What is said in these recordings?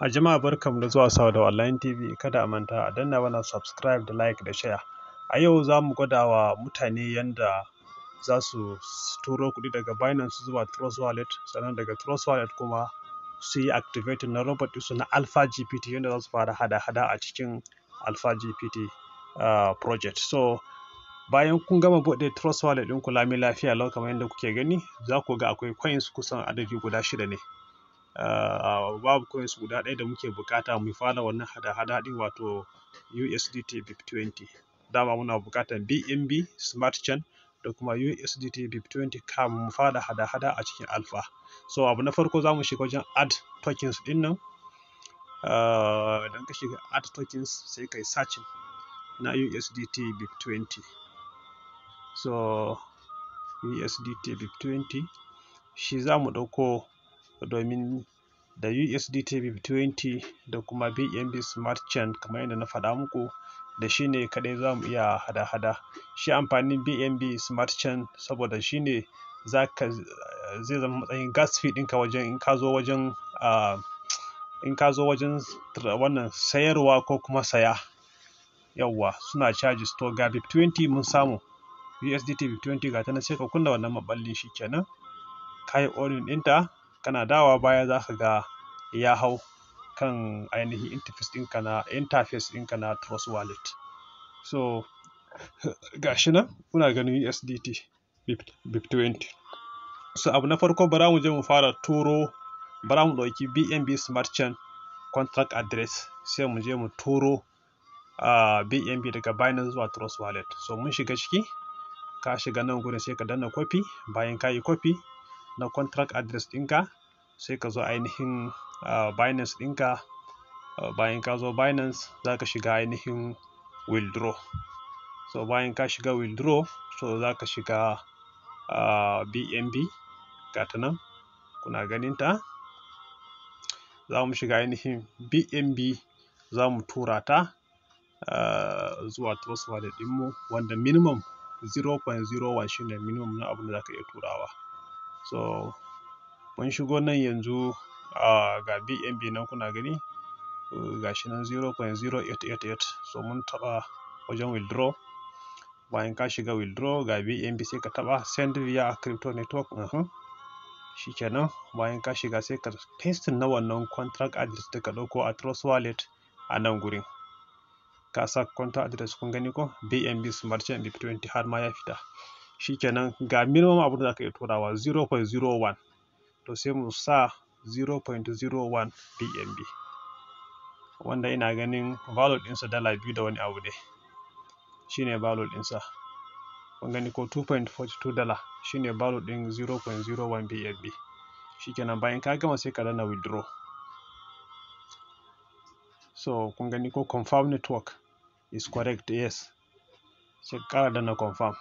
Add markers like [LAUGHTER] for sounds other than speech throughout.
A jama'a mu da zuwa sau da online TV kada a manta a danna mana subscribe da like da share. A yau za mu gwada wa mutane yanda za su turo kuɗi daga Binance zuwa Trust Wallet sannan daga Trust Wallet kuma su yi activating na robot su na Alpha GPT yadda za su fara hada-hada a cikin Alpha GPT uh, ah, project. So bayan kun gama buɗe Trust Wallet ku lami lafiya lau kamar yadda kuke gani za ku ga akwai coins kusan adadi guda shida ne. Ah, babu coins guda ɗaya da muke bukata mu fara wannan hada-hada ɗin wato USDT BIP20 dama muna bukatar BNB Smart Chain da kuma USDT BIP20 kamun mu fara hada-hada a cikin Alpha so abu na farko za mu shiga wajen add tokens ɗin nan ah, don ka shiga add tokens sai kai searching na USDT BIP20 so USDT BIP20 shi za mu ɗauko domin da USDT BIB20 da kuma BNB Smart Chain kamar yadda na faɗa muku da shi ne kaɗai za mu iya hada-hada. Shi amfanin BNB Smart Chain saboda shi ne zai zama matsayin gas fee ɗinka wajen in ka zo wajen in ka zo wajen wannan sayarwa ko kuma saya yawwa suna charges to ga BIP20 mun samu USDT BIP20 ga ta na sai ka kunna wannan maballin shi kenan ka yi ɗinta kana dawa baya za ka ga ya hau kan ainihin interface ɗinka na interface ɗinka na Trust Wallet. So [LAUGHS] ga shi nan muna ganin USDT BIP20. So abu na farko bara mu je mu fara turo bara mu ɗauki BNB Smart Chain contract address sai mu je mu turo a BNB daga Binance zuwa Trust Wallet. So mun shiga ciki ka shiga nan gurin sai ka danna copy bayan ka yi copy na contract address ɗinka sai ka zo ainihin ah, binance ɗinka ah, bayan ka zo binance za ka shiga ainihin withdraw so bayan ka shiga withdraw so za ka shiga ah, bnb gata nan kuna ganinta za mu shiga ainihin bnb za mu tura ta zuwa trust wallet ɗinmu wanda minimum 0.01 shine minimum na abin da za ka iya turawa so mun shigo nan yanzu a ga bnb nan kuna gani ga shi nan 0.0888 so mun taba wajen withdraw bayan ka shiga withdraw ga bnb sai ka taba send via crypto network uh -huh. shikenan bayan ka shiga sai ka paste na wannan contract address da ka dauko a trust wallet a nan gurin ka sa contract address kun gani ko bnb smart chain bp20 har ma ya fita shikenan ga minimum abun da za ka iya turawa 0.01 to sai mu sa 0.01 dmb wanda ina ganin value ɗinsa dala biyu da wani abu ne shi ne value ɗinsa kun gani ko 2.42 dala shi ne value ɗin 0.01 BNB shikenan bayan ka gama sai ka dana withdraw so kun gani ko confirm network is correct yes sai ka ƙara dana confirm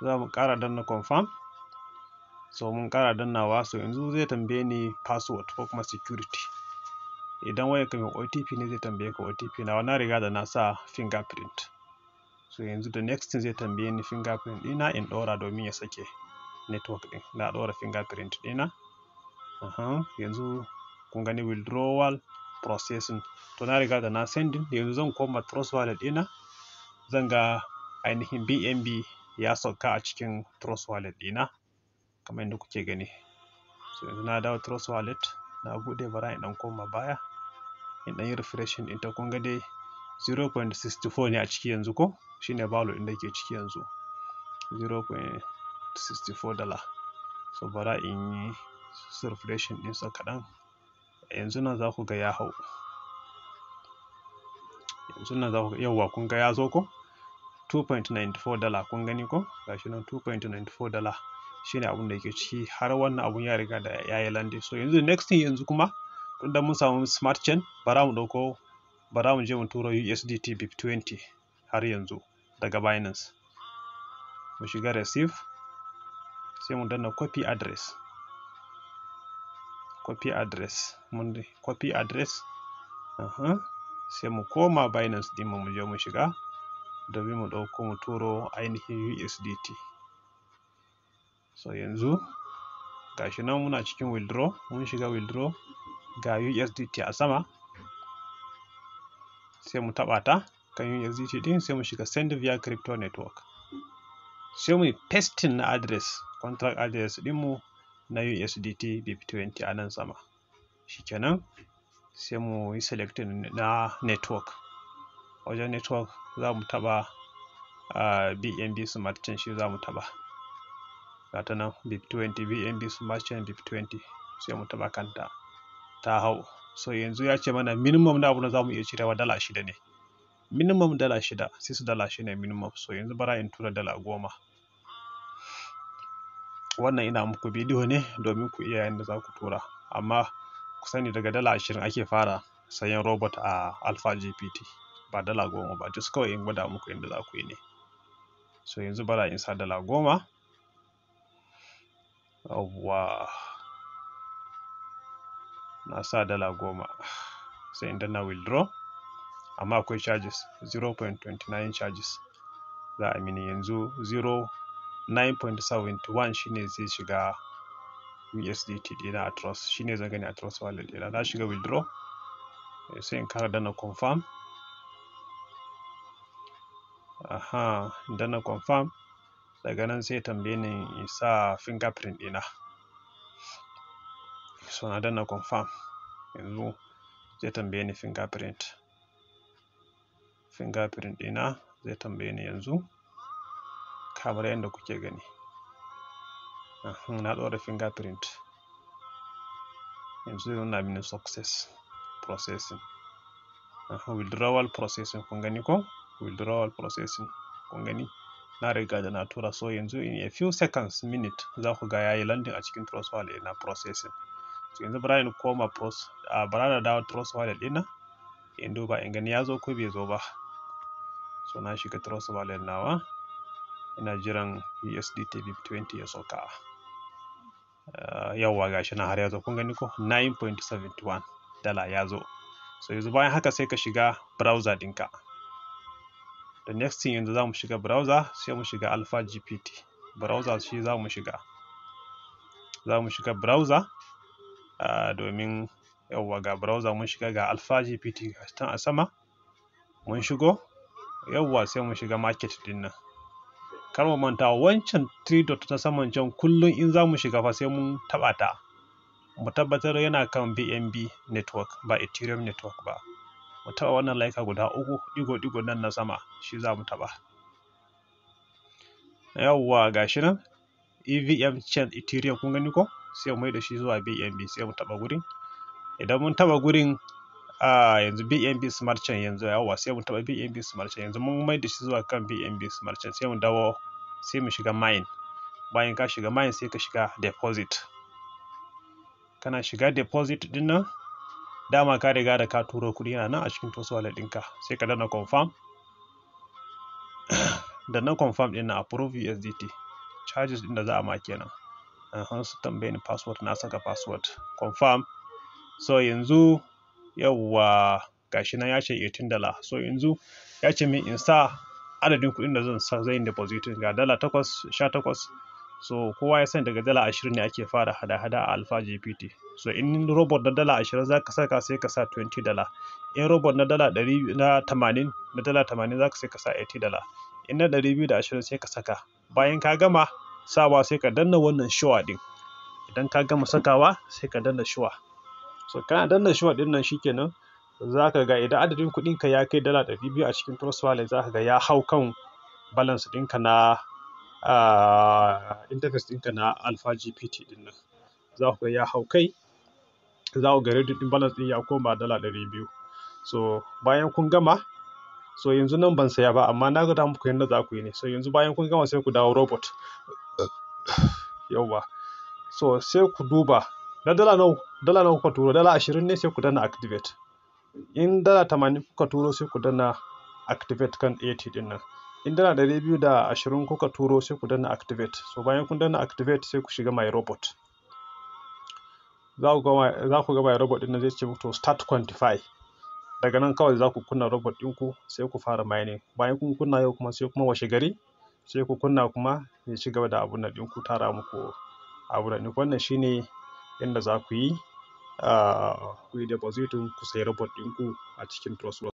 za mu ƙara danna confirm so mun ƙara dannawa so yanzu zai tambaye ni password ko kuma security idan wayar ka otp ne zai tambaye ka otp na na riga da na sa fingerprint so yanzu da next zai tambaye ni fingerprint ɗina in ɗora domin ya sake network ɗin na ɗora fingerprint ɗina yanzu kun gani withdrawal processing to na riga da na sending yanzu zan koma trust wallet ɗina zan ga ainihin bnb ya sauka a cikin Trust Wallet ɗina kamar yadda kuke gani. So yanzu na dawo Trust Wallet na buɗe bara in ɗan koma baya in ɗan yi refreshing ɗin ta kun ga dai 0.64 ne a ciki yanzu ko shine value ɗin da ke ciki yanzu 0.64 dala. So bara in yi refreshing ɗin sa kaɗan yanzu nan za ku ga ya hau. yanzu nan za ku yauwa kun ga ya zo ko 2.94 dala kun gani ko gashi nan 2.94 dala shine abun da yake ciki har wannan abun ya riga da ya yi so yanzu next thing yanzu kuma da mun samu smart chain bara mu dauko bara mu je mu turo USDT BIP20 har yanzu daga Binance mu shiga receive sai mu danna copy address copy address mun copy address uh sai mu koma Binance din mu je mu shiga domin mu ɗauko mu turo ainihin USDT. So yanzu gashi nan muna cikin withdraw, mun shiga withdraw ga USDT a sama. Sai mu taɓa ta kan USDT ɗin sai mu shiga send via crypto network. Sai mu yi pasting na address, contract address ɗinmu na USDT BIP20 a nan sama. Shikenan sai mu yi selecting na network. Wajen network za mu taɓa bnb smart chain shi za mu taɓa gata nan bip20 bnb smart chain bip20 sai mu taɓa kanta ta hau so yanzu ya ce mana minimum na abu na za mu iya cirewa dala shida ne minimum dala shida su dala shi ne minimum so yanzu bara in tura dala goma wannan ina muku bidiyo ne domin ku iya yadda za ku tura amma ku sani daga dala ashirin ake fara sayan robot a alpha gpt ba dala goma ba just kawai in gwada muku yadda za ku yi ne so yanzu bara in sa dala goma yawwa na sa dala goma sai in danna withdraw amma akwai charges 0.29 charges za a mini yanzu 0.9.71 shine zai shiga USDT dina a trust shine zan gani a trust wallet dina na shiga withdraw sai in kara dana confirm aha idan na confirm daga nan sai tambaye ni in sa fingerprint ɗina so na danna confirm yanzu zai tambaye ni fingerprint fingerprint ɗina zai tambaye ni yanzu kamar yadda kuke gani na ɗora fingerprint yanzu zai nuna mini success processing withdrawal processing kun gani ko withdrawal processing kun gani na riga da na tura so yanzu in a few seconds minute za ku ga yayi landing a cikin trust wallet na processing so yanzu bara in koma post a bara na dawo trust wallet nan in duba in gani ya zo ko bai zo ba so na shiga trust wallet nawa ina jiran USDT BP20 ya sauka eh, yawwa gashi na har ya zo kun gani ko 9.71 dala ya zo so yanzu bayan haka sai ka shiga browser dinka. the next thing yanzu za mu shiga browser sai mu shiga alpha gpt browser shi za mu shiga za mu shiga browser ah, domin yawwa ga browser mun shiga ga alpha gpt can a sama mun shigo yawwa sai mu shiga market din nan kar mu manta wancan 3 dot ta saman can kullum in za mu shiga fa sai mun taɓa ta mu tabbatar yana kan bnb network ba ethereum network ba mu taɓa wannan laika guda uku ɗigo-ɗigo nan na sama shi za mu taɓa yawwa ga shi nan evm chain ethereum kun gani ko sai mu mai da shi zuwa bnb sai mu taɓa gurin idan mun taɓa gurin a yanzu bnb smart chain yanzu yawwa sai mu taɓa bnb smart chain yanzu mun mai da shi zuwa kan bnb smart chain sai mu dawo sai mu shiga mine bayan ka shiga mine sai ka shiga deposit kana shiga deposit din nan dama ka riga da ka turo kuɗi na nan a cikin tosu wallet ɗinka sai ka dana confirm [COUGHS] da na confirm ɗin na approve USDT charges ɗin da za a ma kenan uh su tambayin ni password na saka password confirm so yanzu yawwa gashi nan ya ce 18 dala so yanzu ya ce min in sa adadin kuɗin da zan sa zai yi deposit ga dala 8 18 so kowa ya san daga dala ashirin ne ake fara hada-hada a alfa gpt so in robot na dala ashirin za ka saka sai ka sa 20 dala in robot na dala ɗari na tamanin na dala tamanin za ka sai ka sa 80 dala in na ɗari biyu da ashirin sai ka saka bayan ka gama sawa sai ka danna wannan shuwa din idan ka gama sakawa sai ka danna shuwa so kana danna shuwa din nan shikenan za ka ga idan adadin kuɗinka ya kai dala ɗari biyu a cikin trust wallet za ka ga ya hau kan balance ɗinka na interface ɗinka na alpha gpt ɗin nan za ku ga ya hau kai za ku ga reducing balance ɗin ya koma dala ɗari biyu so bayan kun gama so yanzu nan ban saya ba amma na gwada muku yadda za ku yi ne so yanzu bayan kun gama sai ku dawo robot yauwa so sai ku duba na dala nawa dala nawa kuka turo dala ashirin ne sai ku dana activate in dala tamanin kuka turo sai ku dana activate kan 80 din nan in dala ɗari biyu da ashirin kuka turo sai ku danna activate so bayan kun danna activate sai ku shiga my robot za ku ga my robot ɗin zai ce to start quantify daga nan kawai za ku kunna robot ɗinku sai ku fara mining bayan kun kunna yau kuma sai kuma washe gari sai ku kunna kuma ya ci gaba da abun ɗinku tara muku abun nan wannan shine inda za ku yi ah, ku yi deposit ku sayi robot ɗinku a cikin trust